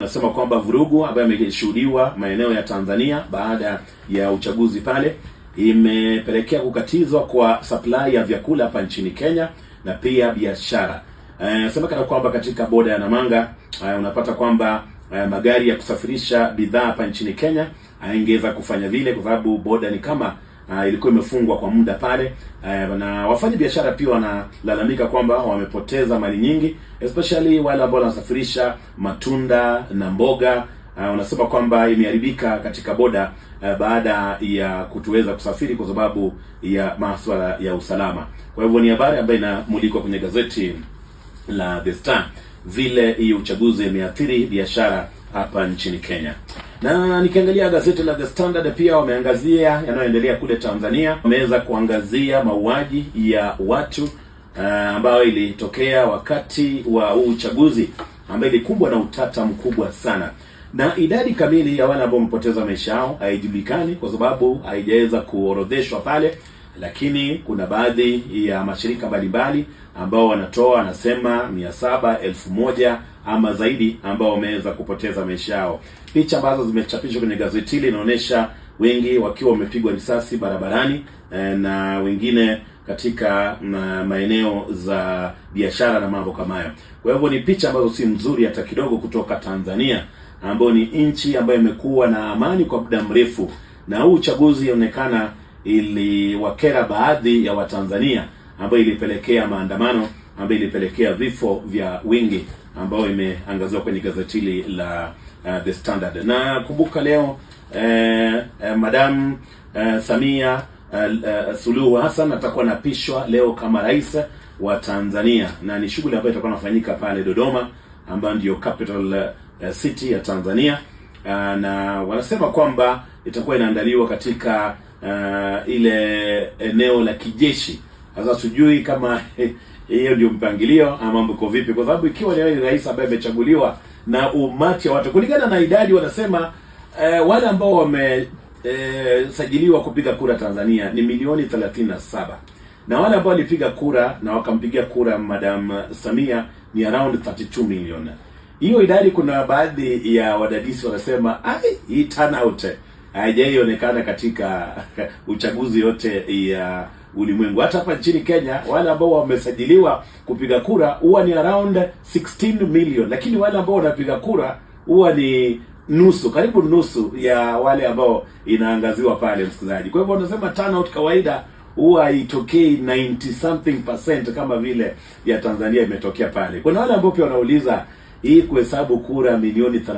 Nasema kwamba vurugu ambayo imeshuhudiwa maeneo ya Tanzania baada ya uchaguzi pale imepelekea kukatizwa kwa supply ya vyakula hapa nchini Kenya na pia biashara. E, eh, semekana kwamba katika boda ya Namanga e, unapata kwamba e, magari ya kusafirisha bidhaa hapa nchini Kenya aingeweza kufanya vile kwa sababu boda ni kama uh, ilikuwa imefungwa kwa muda pale uh, na wafanya biashara pia wanalalamika kwamba wamepoteza mali nyingi, especially wale ambao wanasafirisha matunda na mboga ah, wanasema uh, kwamba imeharibika katika boda uh, baada ya kutoweza kusafiri kwa sababu ya maswala ya usalama. Kwa hivyo ni habari ambayo inamulikwa kwenye gazeti la The Star, vile hii uchaguzi imeathiri biashara hapa nchini Kenya. Na nikiangalia gazeti la The Standard pia wameangazia yanayoendelea kule Tanzania, wameweza kuangazia mauaji ya watu eh, ambayo ilitokea wakati wa uchaguzi ambayo ilikumbwa na utata mkubwa sana, na idadi kamili ya wale ambao wamepoteza maisha yao haijulikani kwa sababu haijaweza kuorodheshwa pale lakini kuna baadhi ya mashirika mbalimbali ambao wanatoa wanasema mia saba elfu moja ama zaidi ambao wameweza kupoteza maisha yao. Picha ambazo zimechapishwa kwenye gazeti hili inaonyesha wengi wakiwa wamepigwa risasi barabarani eh, na wengine katika mm, maeneo za biashara na mambo kama hayo. Kwa hivyo ni picha ambazo si nzuri hata kidogo, kutoka Tanzania ambayo ni nchi ambayo imekuwa na amani kwa muda mrefu, na huu uchaguzi inaonekana iliwakera baadhi ya Watanzania ambayo ilipelekea maandamano ambayo ilipelekea vifo vya wingi ambayo imeangaziwa kwenye gazeti hili la uh, The Standard. Na kumbuka leo eh, eh, Madam eh, Samia eh, eh, Suluhu Hassan atakuwa anapishwa leo kama rais wa Tanzania, na ni shughuli ambayo itakuwa inafanyika pale Dodoma ambayo ndio capital uh, city ya Tanzania uh, na wanasema kwamba itakuwa inaandaliwa katika uh, ile eneo la kijeshi. Sasa sijui kama hiyo ndio mpangilio ama mko vipi, kwa sababu ikiwa ni rais ambaye amechaguliwa na umati wa watu kulingana na idadi, wanasema uh, wale ambao wamesajiliwa uh, kupiga kura Tanzania ni milioni 37 na wale ambao walipiga kura na wakampigia kura Madam Samia ni around 32 million. Hiyo idadi, kuna baadhi ya wadadisi wanasema ai, hii turnout haijaionekana katika uchaguzi yote ya ulimwengu. Hata hapa nchini Kenya, wale ambao wamesajiliwa kupiga kura huwa ni around 16 million, lakini wale ambao wanapiga kura huwa ni nusu, karibu nusu ya wale ambao inaangaziwa pale, msikilizaji. Kwa hivyo wanasema turnout kawaida huwa haitokei 90 something percent kama vile ya Tanzania imetokea pale. Kuna wale ambao pia wanauliza hii kuhesabu kura milioni